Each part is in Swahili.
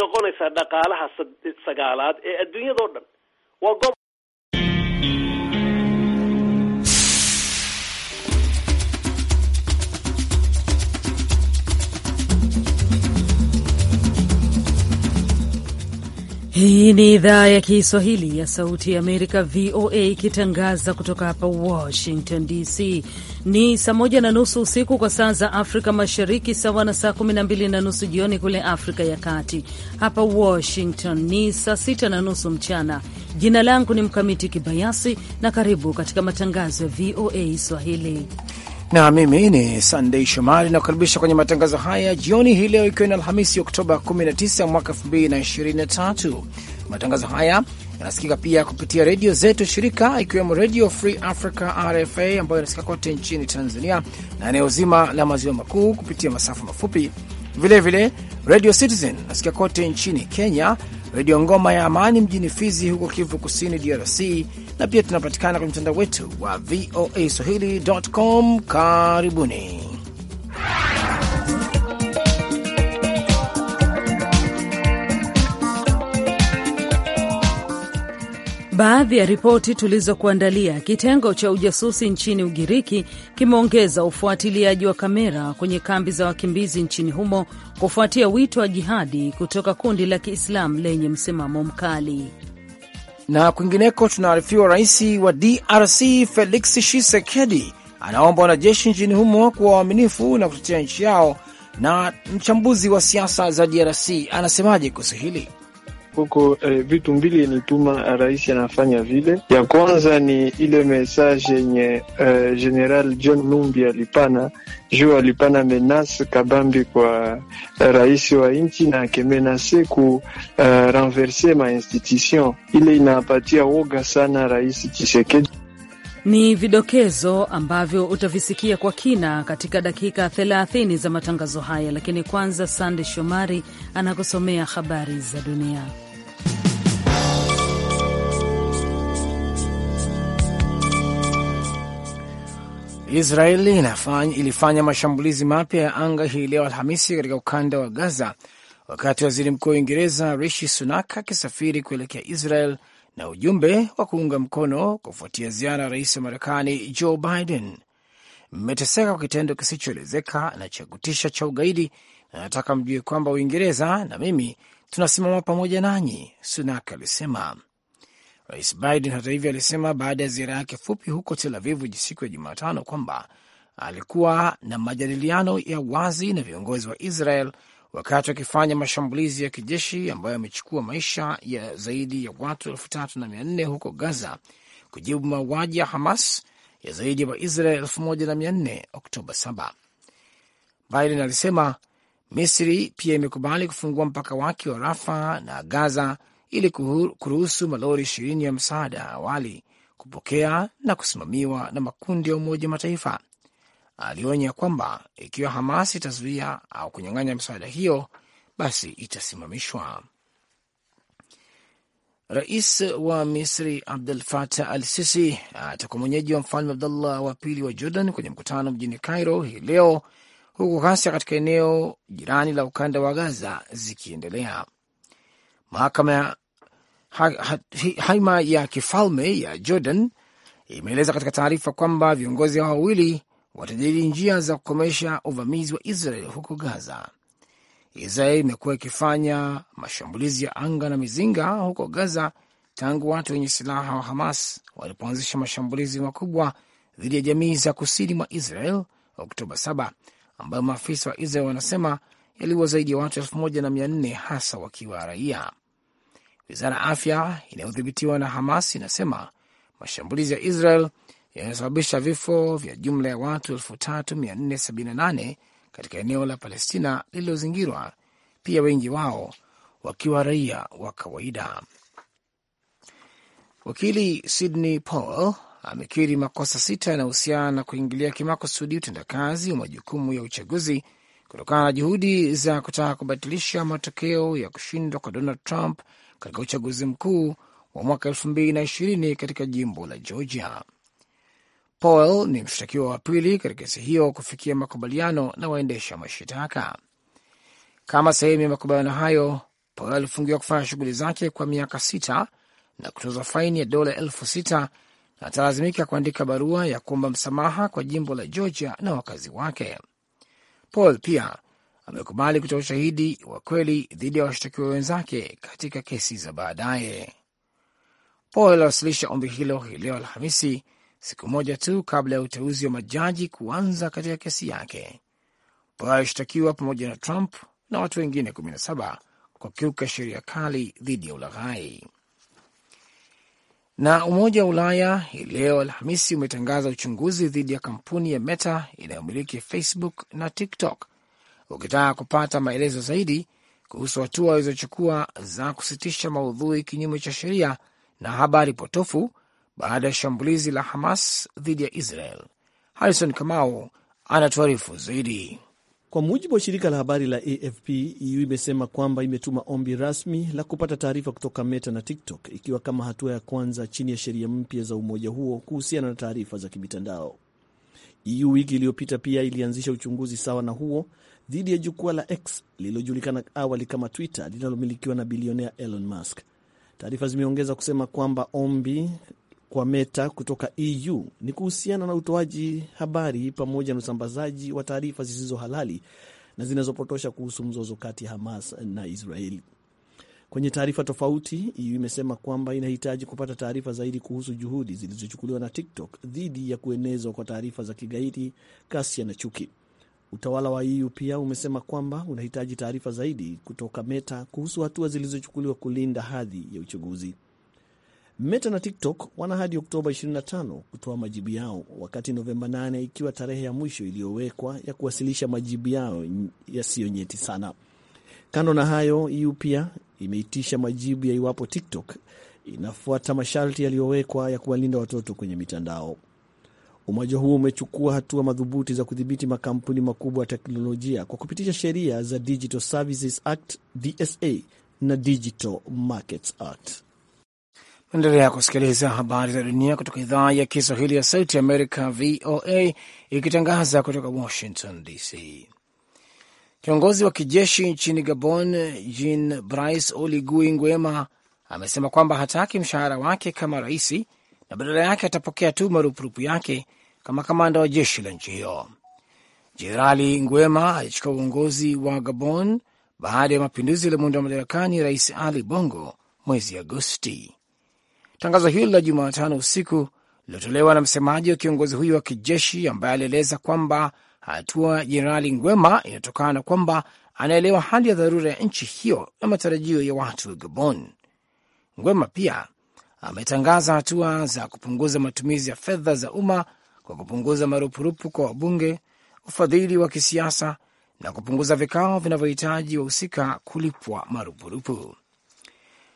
noqonaysaa dhaqaalaha sagaalaad ee adduunyada o dhan waa Hii ni idhaa ya Kiswahili ya Sauti ya Amerika, VOA, ikitangaza kutoka hapa Washington DC. Ni saa moja na nusu usiku kwa saa za Afrika Mashariki, sawa na saa kumi na mbili na nusu jioni kule Afrika ya Kati. Hapa Washington ni saa sita na nusu mchana. Jina langu ni Mkamiti Kibayasi na karibu katika matangazo ya VOA Swahili na mimi ni Sandei Shomari na kukaribisha kwenye matangazo haya jioni hii leo, ikiwa ni Alhamisi Oktoba 19 mwaka 2023. Matangazo haya yanasikika pia kupitia redio zetu shirika, ikiwemo Redio Free Africa RFA ambayo inasikika kote nchini Tanzania na eneo zima la maziwa makuu kupitia masafa mafupi, vilevile Redio Citizen inasikika kote nchini Kenya redio Ngoma ya Amani mjini Fizi huko Kivu Kusini, DRC, na pia tunapatikana kwenye mtandao wetu wa VOA Swahili.com. Karibuni. Baadhi ya ripoti tulizokuandalia: kitengo cha ujasusi nchini Ugiriki kimeongeza ufuatiliaji wa kamera kwenye kambi za wakimbizi nchini humo kufuatia wito wa jihadi kutoka kundi la Kiislamu lenye msimamo mkali. Na kwingineko, tunaarifiwa rais wa DRC Felix Tshisekedi anaomba wanajeshi nchini humo kuwa waaminifu na kutetea nchi yao. Na mchambuzi wa siasa za DRC anasemaje kuhusu hili? huko eh, vitu mbili nituma rais anafanya vile. Ya kwanza ni ile message yenye eh, General John Numbi alipana juu alipana menas kabambi kwa eh, rais wa nchi na akemenase ku uh, eh, renverse ma institution ile inapatia woga sana rais Tshisekedi. Ni vidokezo ambavyo utavisikia kwa kina katika dakika 30 za matangazo haya, lakini kwanza Sande Shomari anakusomea habari za dunia. Israeli ilifanya mashambulizi mapya ya anga hii leo Alhamisi katika ukanda wa Gaza, wakati waziri mkuu wa Uingereza Rishi Sunak akisafiri kuelekea Israel na ujumbe wa kuunga mkono kufuatia ziara ya rais wa Marekani Joe Biden. Mmeteseka kwa kitendo kisichoelezeka na cha kutisha cha ugaidi, na nataka mjue kwamba Uingereza na mimi tunasimama pamoja nanyi, Sunak alisema. Rais Biden hata hivyo alisema baada ya ziara yake fupi huko Tel Avivu siku ya Jumatano kwamba alikuwa na majadiliano ya wazi na viongozi wa Israel wakati wakifanya mashambulizi ya kijeshi ambayo yamechukua maisha ya zaidi ya watu elfu tatu na mia nne huko Gaza kujibu mauaji ya Hamas ya zaidi ya Waisrael elfu moja na mia nne Oktoba 7. Biden alisema Misri pia imekubali kufungua mpaka wake wa Rafa na Gaza ili kuruhusu malori ishirini ya msaada ya awali kupokea na kusimamiwa na makundi ya Umoja Mataifa. Alionya kwamba ikiwa Hamas itazuia au kunyang'anya msaada hiyo, basi itasimamishwa. Rais wa Misri Abdul Fatah Al Sisi atakuwa mwenyeji wa mfalme Abdullah wa pili wa Jordan kwenye mkutano mjini Cairo hii leo, huku ghasia katika eneo jirani la ukanda wa Gaza zikiendelea. Mahakama ya haima ya kifalme ya Jordan imeeleza katika taarifa kwamba viongozi hao wawili watajadili njia za kukomesha uvamizi wa Israel huko Gaza. Israel imekuwa ikifanya mashambulizi ya anga na mizinga huko Gaza tangu watu wenye silaha wa Hamas walipoanzisha mashambulizi makubwa dhidi ya jamii za kusini mwa Israel Oktoba 7 ambayo maafisa wa Israel wanasema yaliwa zaidi ya watu elfu moja na mia nne hasa wakiwa raia. Wizara ya afya inayodhibitiwa na Hamas inasema mashambulizi ya Israel yanayosababisha vifo vya jumla ya watu 3478 katika eneo la Palestina lililozingirwa, pia wengi wao wakiwa raia wa kawaida. Wakili Sidney Powell amekiri makosa sita yanahusiana na kuingilia kimakusudi utendakazi wa majukumu ya uchaguzi kutokana na juhudi za kutaka kubatilisha matokeo ya kushindwa kwa Donald Trump katika uchaguzi mkuu wa mwaka elfu mbili na ishirini katika jimbo la Georgia. Powell ni mshtakiwa wa pili katika kesi hiyo kufikia makubaliano na waendesha mashitaka. Kama sehemu ya makubaliano hayo, Powell alifungiwa kufanya shughuli zake kwa miaka sita na kutoza faini ya dola elfu sita na atalazimika kuandika barua ya kuomba msamaha kwa jimbo la Georgia na wakazi wake. Powell pia amekubali kutoa ushahidi wa kweli dhidi ya washtakiwa wenzake katika kesi za baadaye. Paul aliwasilisha ombi hilo hii leo Alhamisi, siku moja tu kabla ya uteuzi wa majaji kuanza katika kesi yake. Paul alishtakiwa pamoja na Trump na watu wengine 17 kwa kiuka sheria kali dhidi ya ulaghai. Na Umoja wa Ulaya hii leo Alhamisi umetangaza uchunguzi dhidi ya kampuni ya Meta inayomiliki Facebook na TikTok ukitaka kupata maelezo zaidi kuhusu hatua alizochukua za kusitisha maudhui kinyume cha sheria na habari potofu baada ya shambulizi la Hamas dhidi ya Israel. Harrison Kamau anatuarifu zaidi. Kwa mujibu wa shirika la habari la AFP, EU imesema kwamba imetuma ombi rasmi la kupata taarifa kutoka Meta na TikTok ikiwa kama hatua ya kwanza chini ya sheria mpya za umoja huo kuhusiana na taarifa za kimitandao. EU wiki iliyopita pia ilianzisha uchunguzi sawa na huo dhidi ya jukwaa la X lililojulikana awali kama Twitter linalomilikiwa na bilionea Elon Musk. Taarifa zimeongeza kusema kwamba ombi kwa Meta kutoka EU ni kuhusiana na utoaji habari pamoja na usambazaji wa taarifa zisizo halali na zinazopotosha kuhusu mzozo kati ya Hamas na Israeli. Kwenye taarifa tofauti, EU imesema kwamba inahitaji kupata taarifa zaidi kuhusu juhudi zilizochukuliwa na TikTok dhidi ya kuenezwa kwa taarifa za kigaidi, kasia na chuki. Utawala wa EU pia umesema kwamba unahitaji taarifa zaidi kutoka Meta kuhusu hatua zilizochukuliwa kulinda hadhi ya uchaguzi. Meta na TikTok wana hadi Oktoba 25 kutoa majibu yao, wakati Novemba 8 ikiwa tarehe ya mwisho iliyowekwa ya kuwasilisha majibu yao yasiyo nyeti sana. Kando na hayo, EU pia imeitisha majibu ya iwapo TikTok inafuata masharti yaliyowekwa ya kuwalinda watoto kwenye mitandao. Umoja huo umechukua hatua madhubuti za kudhibiti makampuni makubwa ya teknolojia kwa kupitisha sheria za Digital Services Act DSA na Digital Markets Act. Endelea kusikiliza habari za dunia kutoka idhaa ya Kiswahili ya Sauti Amerika, VOA, ikitangaza kutoka Washington DC. Kiongozi wa kijeshi nchini Gabon, Jean Brice Oligui Nguema, amesema kwamba hataki mshahara wake kama raisi na badala yake atapokea tu marupurupu yake kama kamanda wa jeshi la nchi hiyo. Jenerali Nguema alichukua uongozi wa Gabon baada ya mapinduzi yaliyomuondoa madarakani Rais Ali Bongo mwezi Agosti. Tangazo hilo la Jumatano usiku lilotolewa na msemaji wa kiongozi huyo wa kijeshi ambaye alieleza kwamba hatua ya Jenerali Ngwema inatokana na kwamba anaelewa hali ya dharura ya nchi hiyo na matarajio ya watu wa Gabon. Ngwema pia ametangaza hatua za kupunguza matumizi ya fedha za umma kwa kupunguza marupurupu kwa wabunge, ufadhili wa kisiasa na kupunguza vikao vinavyohitaji wahusika kulipwa marupurupu.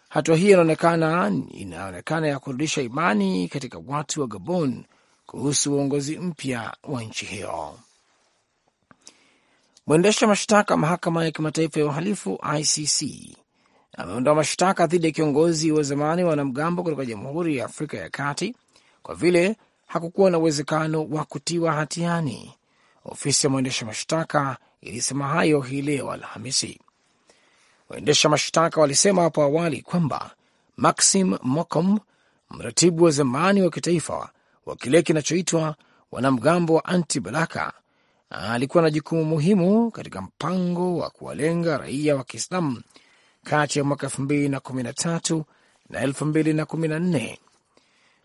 Hatua hii inaonekana inaonekana ya kurudisha imani katika watu wa Gabon kuhusu uongozi mpya wa nchi hiyo. Mwendesha mashtaka mahakama ya kimataifa ya uhalifu ICC ameondoa mashtaka dhidi ya kiongozi wa zamani wa wanamgambo kutoka Jamhuri ya Afrika ya Kati kwa vile hakukuwa na uwezekano wa kutiwa hatiani. Ofisi ya mwendesha mashtaka ilisema hayo hii leo Alhamisi. Waendesha mashtaka walisema hapo awali kwamba Maxim Mokom, mratibu wa zamani wa kitaifa wa kile kinachoitwa wanamgambo wa Anti Balaka, alikuwa na jukumu muhimu katika mpango wa kuwalenga raia wa Kiislamu kati ya mwaka elfu mbili na kumi na tatu na elfu mbili na kumi na nne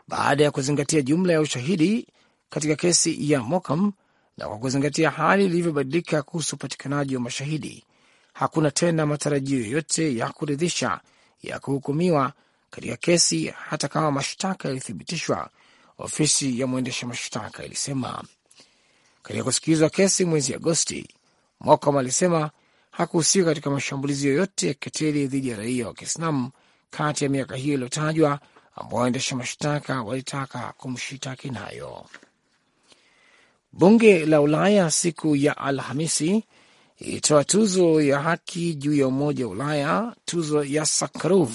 baada ya kuzingatia jumla ya ushahidi katika kesi ya Mokam na kwa kuzingatia hali ilivyobadilika kuhusu upatikanaji wa mashahidi, hakuna tena matarajio yoyote ya kuridhisha ya kuhukumiwa katika kesi, hata kama mashtaka yalithibitishwa, ofisi ya mwendesha mashtaka ilisema. Katika kusikilizwa kesi mwezi Agosti, Mokam alisema hakuhusika katika mashambulizi yoyote ya kikatili dhidi ya raia wa Kiislamu kati ya miaka hiyo iliyotajwa ambao waendesha mashtaka walitaka kumshitaki nayo. Bunge la Ulaya siku ya Alhamisi ilitoa tuzo ya haki juu ya Umoja wa Ulaya, tuzo ya Sakharov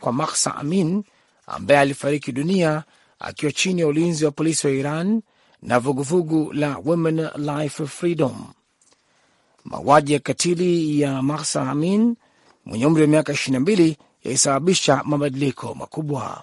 kwa Mahsa Amin ambaye alifariki dunia akiwa chini ya ulinzi wa polisi wa Iran na vuguvugu la Women Life Freedom Mauaji ya katili ya Mahsa Amin mwenye umri wa miaka 22 yalisababisha mabadiliko makubwa.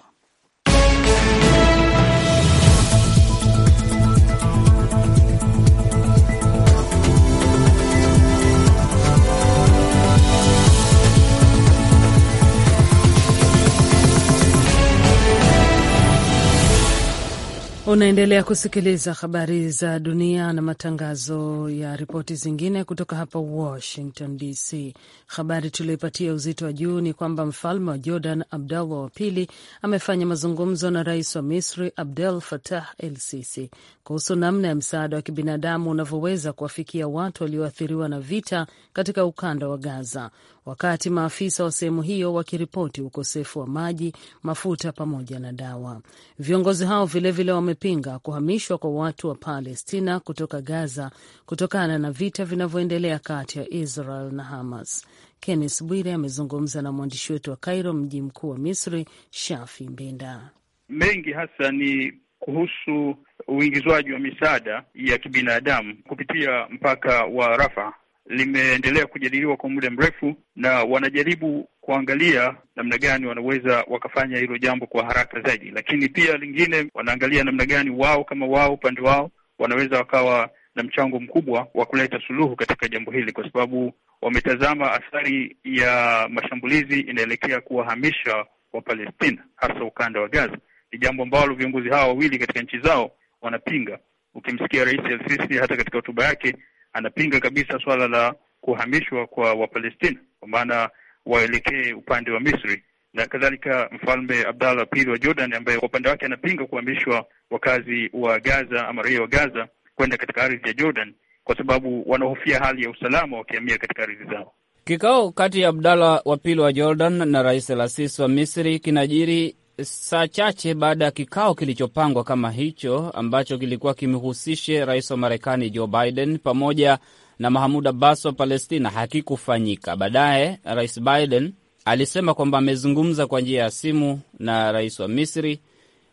Unaendelea kusikiliza habari za dunia na matangazo ya ripoti zingine kutoka hapa Washington DC. Habari tuliyoipatia uzito wa juu ni kwamba mfalme wa Jordan Abdallah wa pili amefanya mazungumzo na rais wa Misri Abdel Fattah El Sisi kuhusu namna ya msaada wa kibinadamu unavyoweza kuwafikia watu walioathiriwa na vita katika ukanda wa Gaza, wakati maafisa wa sehemu hiyo wakiripoti ukosefu wa maji, mafuta pamoja na dawa. Viongozi hao vilevile wame wamepinga kuhamishwa kwa watu wa Palestina kutoka Gaza kutokana na vita vinavyoendelea kati ya Israel na Hamas. Kennes Bwire amezungumza na mwandishi wetu wa Cairo, mji mkuu wa Misri, Shafi Mbinda. Mengi hasa ni kuhusu uingizwaji wa misaada ya kibinadamu kupitia mpaka wa Rafa limeendelea kujadiliwa kwa muda mrefu na wanajaribu kuangalia namna gani wanaweza wakafanya hilo jambo kwa haraka zaidi, lakini pia lingine wanaangalia namna gani wao kama wao upande wao wanaweza wakawa na mchango mkubwa wa kuleta suluhu katika jambo hili, kwa sababu wametazama athari ya mashambulizi inaelekea kuwahamisha Wapalestina hasa ukanda wa Gaza. Ni jambo ambalo viongozi hawa wawili katika nchi zao wanapinga. Ukimsikia Rais El Sisi hata katika hotuba yake anapinga kabisa swala la kuhamishwa kwa Wapalestina kwa maana waelekee upande wa Misri na kadhalika. Mfalme Abdallah pili wa Jordan, ambaye kwa upande wake anapinga kuhamishwa wakazi wa Gaza ama raia wa Gaza kwenda katika ardhi ya Jordan kwa sababu wanahofia hali ya usalama wakihamia katika ardhi zao. Kikao kati ya Abdallah wa pili wa Jordan na Rais Al-Sisi wa Misri kinajiri saa chache baada ya kikao kilichopangwa kama hicho ambacho kilikuwa kimhusishe rais wa Marekani Joe Biden pamoja na Mahmud Abbas wa Palestina hakikufanyika. Baadaye rais Biden alisema kwamba amezungumza kwa njia ya simu na rais wa Misri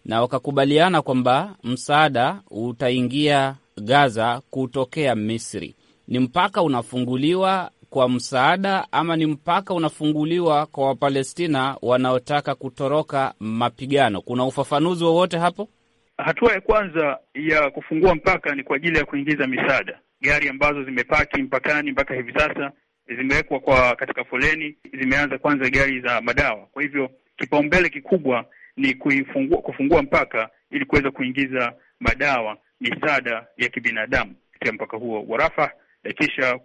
na wakakubaliana kwamba msaada utaingia Gaza kutokea Misri. Ni mpaka unafunguliwa kwa msaada ama ni mpaka unafunguliwa kwa Wapalestina wanaotaka kutoroka mapigano? Kuna ufafanuzi wowote hapo? Hatua ya kwanza ya kufungua mpaka ni kwa ajili ya kuingiza misaada. Gari ambazo zimepaki mpakani mpaka hivi sasa zimewekwa kwa katika foleni, zimeanza kwanza gari za madawa. Kwa hivyo kipaumbele kikubwa ni kuifungua, kufungua mpaka ili kuweza kuingiza madawa, misaada ya kibinadamu katika mpaka huo wa Rafah Eh, kisha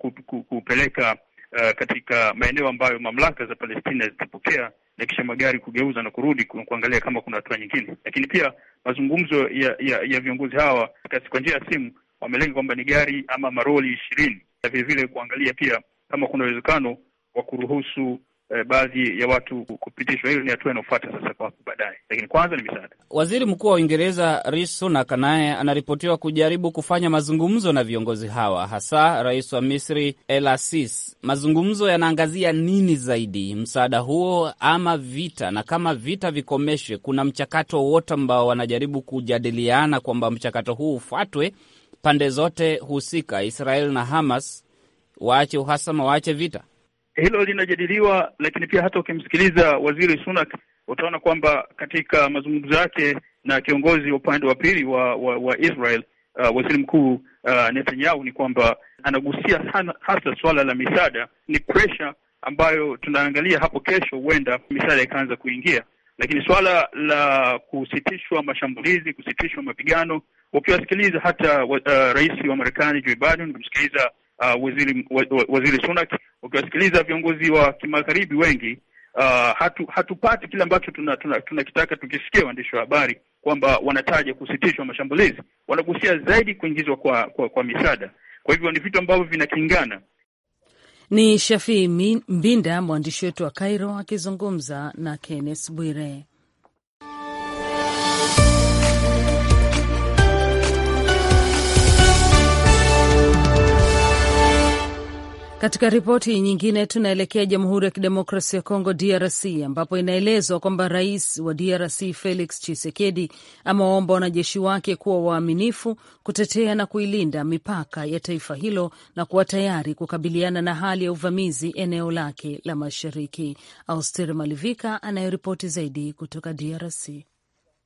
kupeleka uh, katika maeneo ambayo mamlaka za Palestina zitapokea na kisha magari kugeuza na kurudi kuangalia kama kuna hatua nyingine. Lakini pia mazungumzo ya ya, ya viongozi hawa kwa njia ya simu wamelenga kwamba ni gari ama maroli ishirini na vilevile kuangalia pia kama kuna uwezekano wa kuruhusu eh, baadhi ya watu kupitishwa. Hiyo ni hatua inayofuata sasa kwa hapo baadaye, lakini kwanza ni misaada. Waziri Mkuu wa Uingereza Rishi Sunak naye anaripotiwa kujaribu kufanya mazungumzo na viongozi hawa, hasa rais wa Misri El Mazungumzo yanaangazia nini zaidi, msaada huo ama vita? Na kama vita vikomeshwe, kuna mchakato wwote ambao wanajaribu kujadiliana kwamba mchakato huu ufuatwe, pande zote husika, Israel na Hamas waache uhasama, waache vita hilo linajadiliwa, lakini pia hata ukimsikiliza Waziri Sunak utaona kwamba katika mazungumzo yake na kiongozi wa upande wa pili wa, wa Israel uh, waziri mkuu uh, Netanyahu ni kwamba anagusia sana hasa suala la misaada. Ni presha ambayo tunaangalia hapo, kesho huenda misaada ikaanza kuingia, lakini suala la kusitishwa mashambulizi, kusitishwa mapigano, ukiwasikiliza hata uh, rais wa Marekani Joe Biden, ukimsikiliza uh, waziri, wa, wa, waziri Sunak ukiwasikiliza viongozi wa kimagharibi wengi uh, hatu, hatupati kile ambacho tunakitaka tuna, tuna tukisikia waandishi wa habari kwamba wanataja kusitishwa mashambulizi, wanagusia zaidi kuingizwa kwa, kwa, kwa misaada. Kwa hivyo ni vitu ambavyo vinakingana. Ni Shafii Mbinda, mwandishi wetu wa Cairo, akizungumza na Kenneth Bwire. Katika ripoti nyingine, tunaelekea Jamhuri ya Kidemokrasia ya Kongo, DRC, ambapo inaelezwa kwamba rais wa DRC Felix Tshisekedi amewaomba wanajeshi wake kuwa waaminifu, kutetea na kuilinda mipaka ya taifa hilo na kuwa tayari kukabiliana na hali ya uvamizi eneo lake la mashariki. Auster Malivika anayoripoti zaidi kutoka DRC.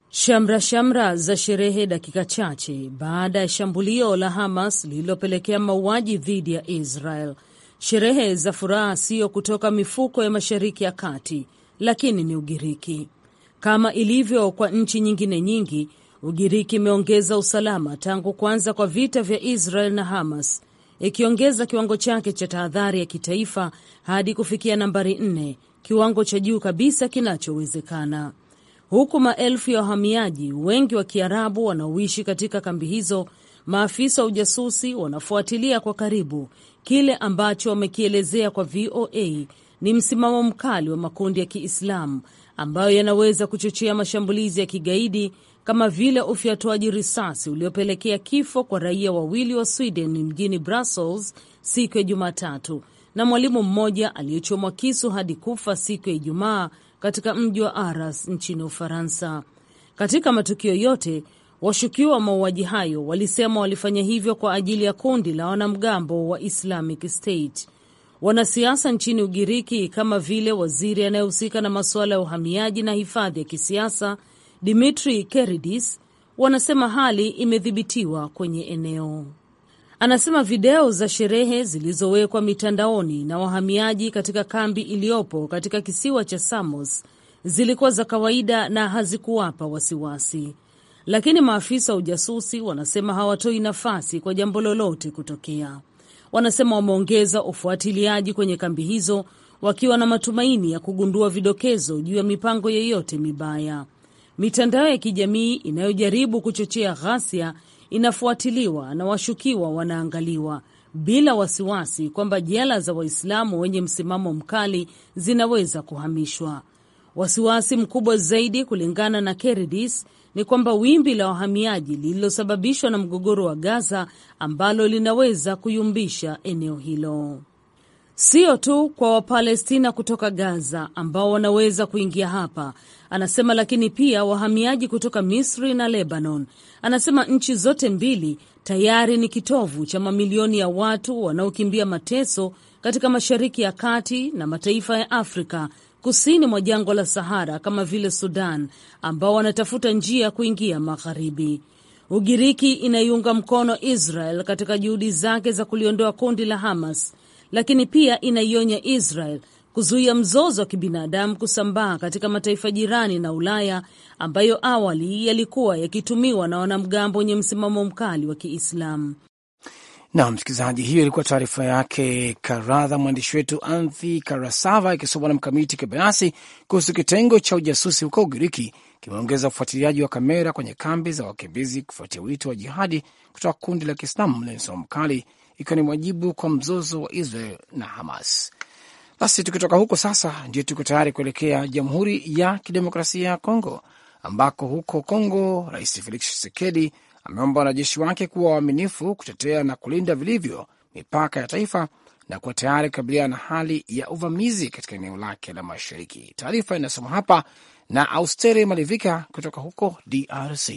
Shamra shamra za sherehe dakika chache baada ya shambulio la Hamas lililopelekea mauaji dhidi ya Israel Sherehe za furaha siyo kutoka mifuko ya Mashariki ya Kati, lakini ni Ugiriki. Kama ilivyo kwa nchi nyingine nyingi, Ugiriki imeongeza usalama tangu kuanza kwa vita vya Israel na Hamas, ikiongeza kiwango chake cha tahadhari ya kitaifa hadi kufikia nambari nne, kiwango cha juu kabisa kinachowezekana, huku maelfu ya wahamiaji, wengi wa Kiarabu, wanaoishi katika kambi hizo. Maafisa wa ujasusi wanafuatilia kwa karibu Kile ambacho wamekielezea kwa VOA ni msimamo mkali wa makundi ya Kiislamu ambayo yanaweza kuchochea mashambulizi ya kigaidi kama vile ufyatuaji risasi uliopelekea kifo kwa raia wawili wa Sweden mjini Brussels siku ya Jumatatu na mwalimu mmoja aliyechomwa kisu hadi kufa siku ya Ijumaa katika mji wa Arras nchini Ufaransa. Katika matukio yote Washukiwa wa mauaji hayo walisema walifanya hivyo kwa ajili ya kundi la wanamgambo wa Islamic State. Wanasiasa nchini Ugiriki kama vile waziri anayehusika na masuala ya uhamiaji na hifadhi ya kisiasa Dimitri Keridis wanasema hali imedhibitiwa kwenye eneo. Anasema video za sherehe zilizowekwa mitandaoni na wahamiaji katika kambi iliyopo katika kisiwa cha Samos zilikuwa za kawaida na hazikuwapa wasiwasi lakini maafisa wa ujasusi wanasema hawatoi nafasi kwa jambo lolote kutokea. Wanasema wameongeza ufuatiliaji kwenye kambi hizo wakiwa na matumaini ya kugundua vidokezo juu ya mipango yeyote mibaya. Mitandao ya kijamii inayojaribu kuchochea ghasia inafuatiliwa na washukiwa wanaangaliwa bila wasiwasi kwamba jela za Waislamu wenye msimamo mkali zinaweza kuhamishwa. Wasiwasi mkubwa zaidi, kulingana na Keridis, ni kwamba wimbi la wahamiaji lililosababishwa na mgogoro wa Gaza ambalo linaweza kuyumbisha eneo hilo sio tu kwa Wapalestina kutoka Gaza ambao wanaweza kuingia hapa, anasema, lakini pia wahamiaji kutoka Misri na Lebanon. Anasema nchi zote mbili tayari ni kitovu cha mamilioni ya watu wanaokimbia mateso katika Mashariki ya Kati na mataifa ya Afrika kusini mwa jangwa la Sahara kama vile Sudan ambao wanatafuta njia ya kuingia magharibi. Ugiriki inaiunga mkono Israel katika juhudi zake za kuliondoa kundi la Hamas, lakini pia inaionya Israel kuzuia mzozo wa kibinadamu kusambaa katika mataifa jirani na Ulaya ambayo awali yalikuwa yakitumiwa na wanamgambo wenye msimamo mkali wa Kiislamu. Na msikilizaji, hiyo ilikuwa taarifa yake Karadha, mwandishi wetu Anthi Karasava, ikisomwa na Mkamiti Kibayasi kuhusu kitengo cha ujasusi huko Ugiriki kimeongeza ufuatiliaji wa kamera kwenye kambi za wakimbizi kufuatia wito wa jihadi kutoka kundi la Kiislamu lenye msimamo mkali, ikiwa ni mwajibu kwa mzozo wa Israel na Hamas. Basi tukitoka huko sasa, ndio tuko tayari kuelekea Jamhuri ya Kidemokrasia ya Kongo, ambako huko Kongo Rais Felix Tshisekedi ameomba wanajeshi wake kuwa waaminifu kutetea na kulinda vilivyo mipaka ya taifa na kuwa tayari kukabiliana na hali ya uvamizi katika eneo lake la mashariki. Taarifa inasoma hapa na Austeri Malivika kutoka huko DRC.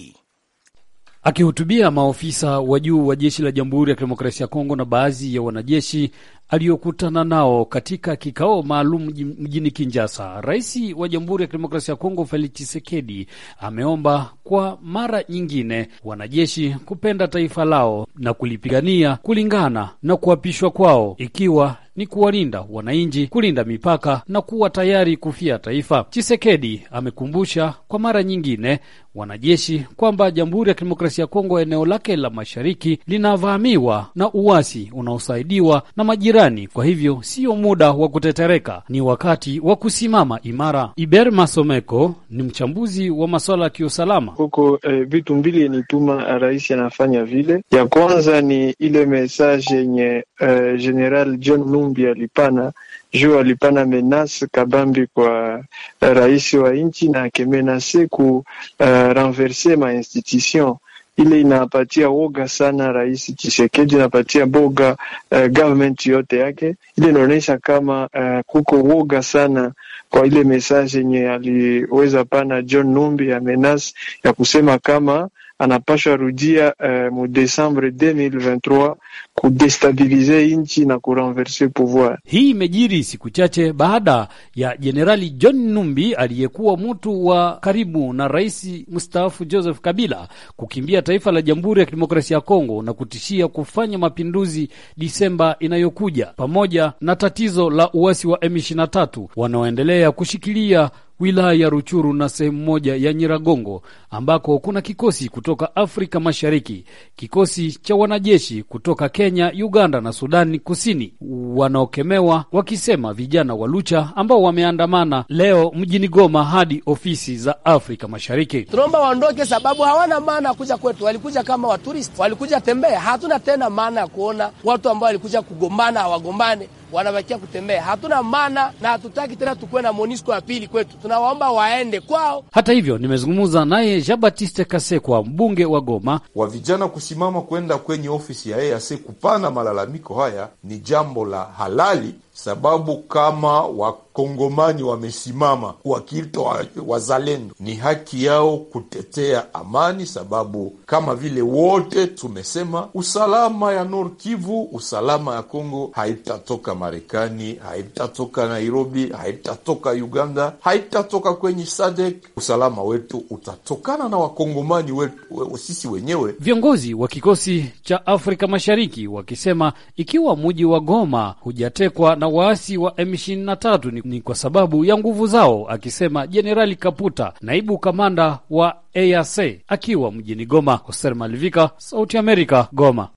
Akihutubia maofisa wa juu wa jeshi la Jamhuri ya Kidemokrasia ya Kongo na baadhi ya wanajeshi aliyokutana nao katika kikao maalum mjini Kinjasa, Rais wa Jamhuri ya Kidemokrasia ya Kongo Felix Tshisekedi ameomba kwa mara nyingine wanajeshi kupenda taifa lao na kulipigania kulingana na kuapishwa kwao ikiwa ni kuwalinda wananchi, kulinda mipaka na kuwa tayari kufia taifa. Chisekedi amekumbusha kwa mara nyingine wanajeshi kwamba Jamhuri ya Kidemokrasia ya Kongo eneo lake la mashariki linavamiwa na uasi unaosaidiwa na majirani. Kwa hivyo sio muda wa kutetereka, ni wakati wa kusimama imara. Iber Masomeko ni mchambuzi wa masuala ya kiusalama huko. Eh, vitu mbili yenituma eh, rais anafanya vile. Ya kwanza ni ile mesaje yenye eh, General John Mumbi alipana juu alipana menase kabambi kwa eh, rais wa nchi na akemenase ku uh, eh, renverse ma institution ile inapatia woga sana Rais chisekedi inapatia boga uh, government yote yake. Ile inaonyesha kama uh, kuko woga sana kwa ile message yenye aliweza pana John Numbi ya menas ya kusema kama anapasha rudia eh, mu Desembre 2023 kudestabilize nchi na kurenverse pouvoir. Hii imejiri siku chache baada ya Jenerali John Numbi aliyekuwa mtu wa karibu na rais mstaafu Joseph Kabila kukimbia taifa la Jamhuri ya Kidemokrasia ya Kongo na kutishia kufanya mapinduzi Disemba inayokuja, pamoja na tatizo la uasi wa M23 wanaoendelea kushikilia wilaya ya Ruchuru na sehemu moja ya Nyiragongo ambako kuna kikosi kutoka Afrika Mashariki, kikosi cha wanajeshi kutoka Kenya, Uganda na Sudani Kusini wanaokemewa wakisema vijana wa Lucha ambao wameandamana leo mjini Goma hadi ofisi za Afrika Mashariki. Tunaomba waondoke, sababu hawana maana ya kuja kwetu. Walikuja kama waturisti, walikuja tembea. Hatuna tena maana ya kuona watu ambao walikuja kugombana, hawagombane wanabakia kutembea. Hatuna maana na hatutaki tena tukuwe na Monisco ya pili kwetu, tunawaomba waende kwao. Hata hivyo, nimezungumza naye Jean Batiste Kasekwa, mbunge wa Goma. Wa vijana kusimama kwenda kwenye ofisi ya EAC kupana malalamiko haya ni jambo la halali sababu kama wakongomani wamesimama wakiitwa wazalendo, ni haki yao kutetea amani, sababu kama vile wote tumesema, usalama ya Nord Kivu, usalama ya Kongo haitatoka Marekani, haitatoka Nairobi, haitatoka Uganda, haitatoka kwenye Sadek. Usalama wetu utatokana na wakongomani wetu we, sisi wenyewe. Viongozi wa kikosi cha Afrika Mashariki wakisema ikiwa mji wa Goma hujatekwa na na waasi wa M23 ni, ni kwa sababu ya nguvu zao, akisema Jenerali Kaputa, naibu kamanda wa EAC akiwa mjini Goma. Hoser Malivika, Sauti Amerika, Goma.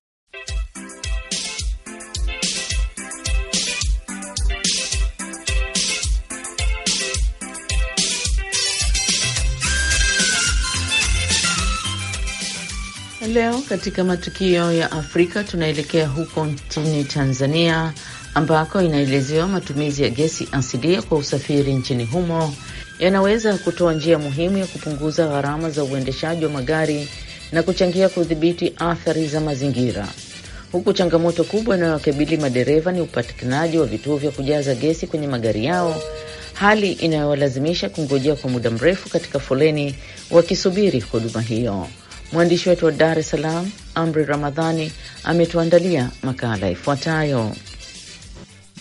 Leo katika matukio ya Afrika tunaelekea huko nchini Tanzania ambako inaelezewa matumizi ya gesi asilia kwa usafiri nchini humo yanaweza kutoa njia muhimu ya kupunguza gharama za uendeshaji wa magari na kuchangia kudhibiti athari za mazingira, huku changamoto kubwa inayowakabili madereva ni upatikanaji wa vituo vya kujaza gesi kwenye magari yao, hali inayowalazimisha kungojea kwa muda mrefu katika foleni wakisubiri huduma hiyo. Mwandishi wetu wa Dar es Salaam, Amri Ramadhani, ametuandalia makala ifuatayo.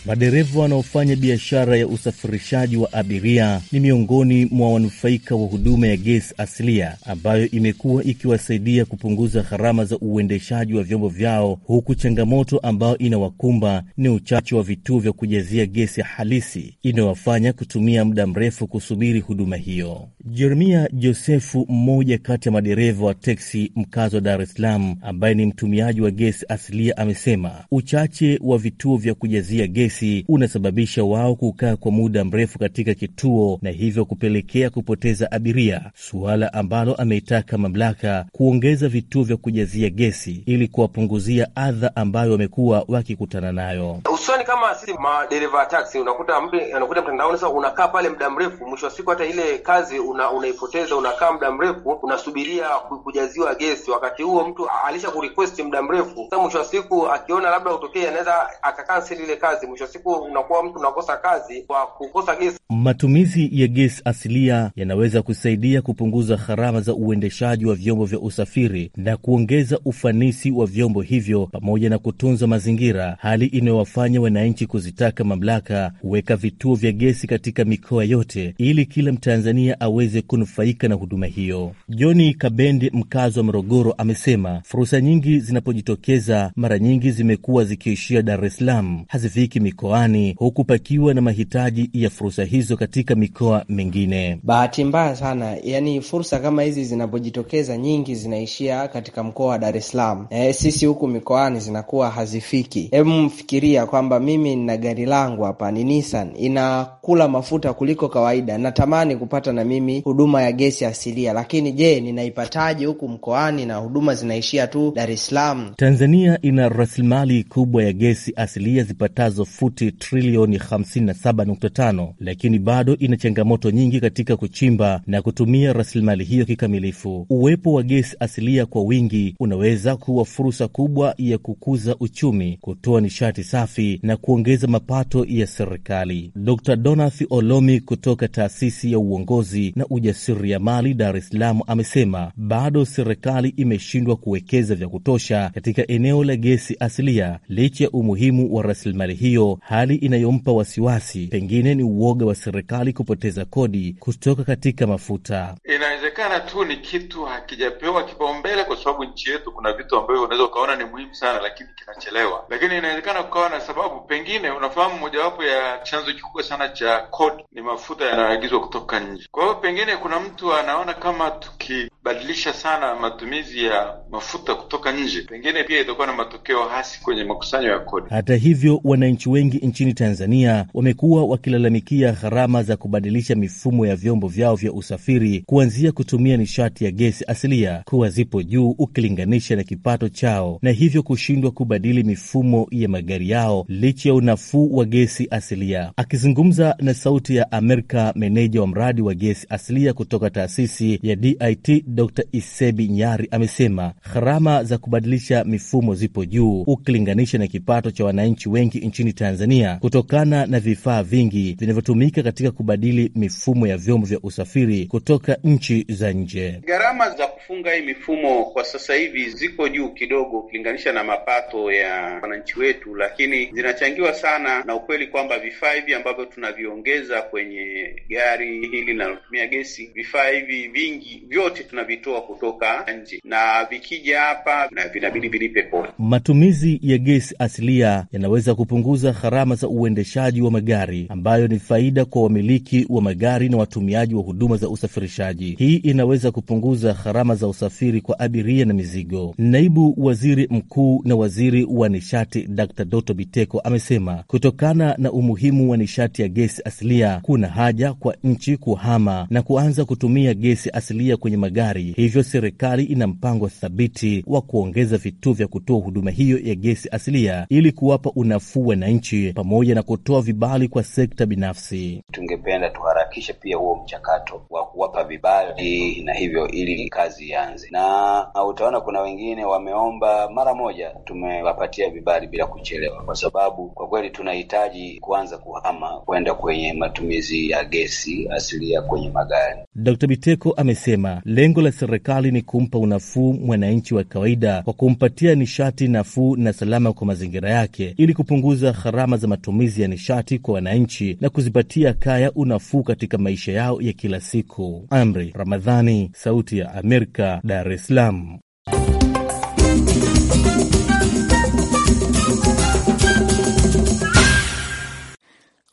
Madereva wanaofanya biashara ya usafirishaji wa abiria ni miongoni mwa wanufaika wa huduma ya gesi asilia ambayo imekuwa ikiwasaidia kupunguza gharama za uendeshaji wa vyombo vyao, huku changamoto ambayo inawakumba ni uchache wa vituo vya kujazia gesi halisi inayowafanya kutumia muda mrefu kusubiri huduma hiyo. Jeremia Josefu, mmoja kati ya madereva wa teksi mkazi wa Dar es Salaam ambaye ni mtumiaji wa gesi asilia, amesema uchache wa vituo vya kujazia gesi gesi unasababisha wao kukaa kwa muda mrefu katika kituo na hivyo kupelekea kupoteza abiria, suala ambalo ameitaka mamlaka kuongeza vituo vya kujazia gesi ili kuwapunguzia adha ambayo wamekuwa wakikutana nayo, hususani kama sisi madereva taksi. Unakuta mbe, anakuja mtandaoni sasa, unakaa pale muda mrefu, mwisho wa siku hata ile kazi una, unaipoteza. Unakaa muda mrefu unasubiria kujaziwa gesi, wakati huo mtu alisha kurequest muda mrefu. Sasa mwisho wa siku akiona labda utokee, anaweza akakansel ile kazi mwisho wa siku unakuwa mtu unakosa kazi kwa kukosa gesi. Matumizi ya gesi asilia yanaweza kusaidia kupunguza gharama za uendeshaji wa vyombo vya usafiri na kuongeza ufanisi wa vyombo hivyo pamoja na kutunza mazingira, hali inayowafanya wananchi kuzitaka mamlaka kuweka vituo vya gesi katika mikoa yote ili kila Mtanzania aweze kunufaika na huduma hiyo. Joni Kabende, mkazi wa Morogoro, amesema fursa nyingi zinapojitokeza mara nyingi zimekuwa zikiishia Dar es Salaam, hazifiki mikoani, huku pakiwa na mahitaji ya fursa hizo katika mikoa mingine. Bahati mbaya sana, yani fursa kama hizi zinapojitokeza nyingi zinaishia katika mkoa wa Dar es Salaam. E, sisi huku mikoani zinakuwa hazifiki. Hebu mfikiria kwamba mimi nina gari langu hapa ni Nissan, inakula mafuta kuliko kawaida. Natamani kupata na mimi huduma ya gesi asilia, lakini je, ninaipataje huku mkoani na huduma zinaishia tu Dar es Salaam? Tanzania ina rasilimali kubwa ya gesi asilia zipatazo futi trilioni 57.5, lakini bado ina changamoto nyingi katika kuchimba na kutumia rasilimali hiyo kikamilifu. Uwepo wa gesi asilia kwa wingi unaweza kuwa fursa kubwa ya kukuza uchumi, kutoa nishati safi na kuongeza mapato ya serikali. Dr. Donath Olomi kutoka taasisi ya uongozi na ujasiriamali Dar es Salaam amesema bado serikali imeshindwa kuwekeza vya kutosha katika eneo la gesi asilia licha ya umuhimu wa rasilimali hiyo hali inayompa wasiwasi pengine ni uoga wa serikali kupoteza kodi kutoka katika mafuta. Inawezekana tu ni kitu hakijapewa kipaumbele, kwa sababu nchi yetu kuna vitu ambavyo unaweza ukaona ni muhimu sana, lakini kinachelewa. Lakini inawezekana kukawa na sababu, pengine unafahamu, mojawapo ya chanzo kikubwa sana cha kodi ni mafuta yanayoagizwa kutoka nje. Kwa hiyo pengine kuna mtu anaona kama tukibadilisha sana matumizi ya mafuta kutoka nje, pengine pia itakuwa na matokeo hasi kwenye makusanyo ya kodi. Hata hivyo wananchi wengi nchini Tanzania wamekuwa wakilalamikia gharama za kubadilisha mifumo ya vyombo vyao vya usafiri kuanzia kutumia nishati ya gesi asilia kuwa zipo juu ukilinganisha na kipato chao, na hivyo kushindwa kubadili mifumo ya magari yao licha ya unafuu wa gesi asilia. Akizungumza na Sauti ya Amerika, meneja wa mradi wa gesi asilia kutoka taasisi ya DIT Dr Isebi Nyari amesema gharama za kubadilisha mifumo zipo juu ukilinganisha na kipato cha wananchi wengi nchini Tanzania Tanzania kutokana na vifaa vingi vinavyotumika katika kubadili mifumo ya vyombo vya usafiri kutoka nchi za nje. Gharama za kufunga hii mifumo kwa sasa hivi ziko juu kidogo ukilinganisha na mapato ya wananchi wetu, lakini zinachangiwa sana na ukweli kwamba vifaa hivi ambavyo tunaviongeza kwenye gari hili linalotumia gesi, vifaa hivi vingi vyote tunavitoa kutoka nje na vikija hapa na vinabidi vilipe kodi. Matumizi ya gesi asilia yanaweza kupunguza gharama za uendeshaji wa magari ambayo ni faida kwa wamiliki wa magari na watumiaji wa huduma za usafirishaji. Hii inaweza kupunguza gharama za usafiri kwa abiria na mizigo. Naibu Waziri Mkuu na Waziri wa Nishati Dr. Doto Biteko amesema kutokana na umuhimu wa nishati ya gesi asilia kuna haja kwa nchi kuhama na kuanza kutumia gesi asilia kwenye magari, hivyo serikali ina mpango thabiti wa kuongeza vituo vya kutoa huduma hiyo ya gesi asilia ili kuwapa unafuu wananchi wananchi pamoja na kutoa vibali kwa sekta binafsi. Tungependa tuharakishe pia huo mchakato wa kuwapa vibali na hivyo ili kazi ianze, na utaona kuna wengine wameomba mara moja, tumewapatia vibali bila kuchelewa, kwa sababu kwa kweli tunahitaji kuanza kuhama kwenda kwenye matumizi ya gesi asilia kwenye magari. d Biteko amesema lengo la serikali ni kumpa unafuu mwananchi wa kawaida kwa kumpatia nishati nafuu na salama kwa mazingira yake ili kupunguza gharama za matumizi ya nishati kwa wananchi na kuzipatia kaya unafuu katika maisha yao ya kila siku. Amri Ramadhani, Sauti ya Amerika, Dar es Salaam.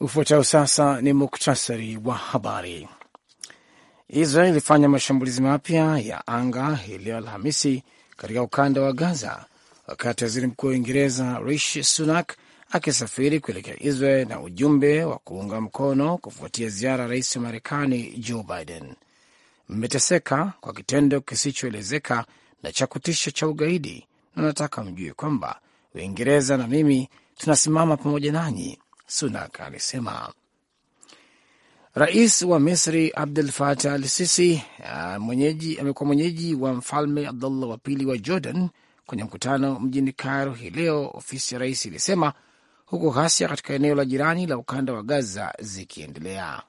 Ufuatao sasa ni muktasari wa habari. Israel ilifanya mashambulizi mapya ya anga hii leo Alhamisi katika ukanda wa Gaza, wakati waziri mkuu wa Uingereza Rishi Sunak akisafiri kuelekea Israel na ujumbe wa kuunga mkono kufuatia ziara ya rais wa Marekani Joe Biden. Mmeteseka kwa kitendo kisichoelezeka na cha kutisha cha ugaidi, na nataka mjue kwamba Uingereza na mimi tunasimama pamoja nanyi, Sunak alisema. Rais wa Misri Abdul Fatah al Sisi eh, mwenyeji, amekuwa mwenyeji wa mfalme Abdullah wa pili wa Jordan kwenye mkutano mjini Cairo hii leo, ofisi ya rais ilisema huku ghasia katika eneo la jirani la ukanda wa Gaza zikiendelea.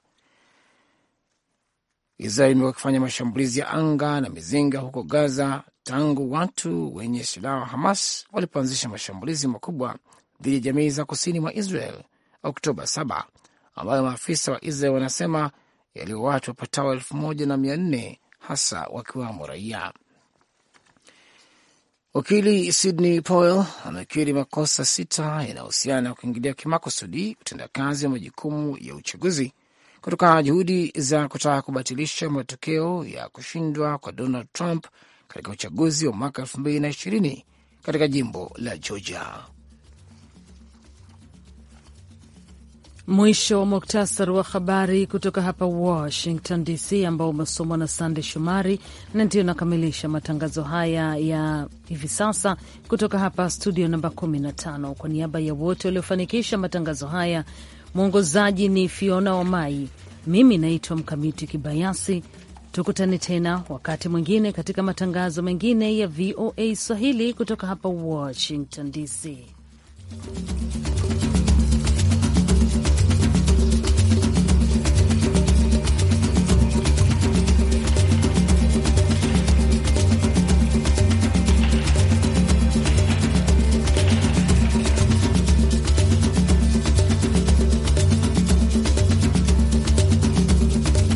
Israel imekuwa ikifanya mashambulizi ya anga na mizinga huko Gaza tangu watu wenye silaha wa Hamas walipoanzisha mashambulizi makubwa dhidi ya jamii za kusini mwa Israel Oktoba 7 ambayo maafisa wa Israel wanasema yaliyo watu wapatao elfu moja na mia nne hasa wakiwamo raia. Wakili sydney Powell amekiri makosa sita yanayohusiana na kuingilia kimakusudi utendakazi wa majukumu ya uchaguzi kutokana na juhudi za kutaka kubatilisha matokeo ya kushindwa kwa Donald Trump katika uchaguzi wa mwaka elfu mbili na ishirini katika jimbo la Georgia. Mwisho wa muktasari wa habari kutoka hapa Washington DC, ambao umesomwa na Sande Shomari, na ndio nakamilisha matangazo haya ya hivi sasa kutoka hapa studio namba 15. Kwa niaba ya wote waliofanikisha matangazo haya, mwongozaji ni Fiona Wamai, mimi naitwa Mkamiti Kibayasi. Tukutane tena wakati mwingine katika matangazo mengine ya VOA Swahili kutoka hapa Washington DC.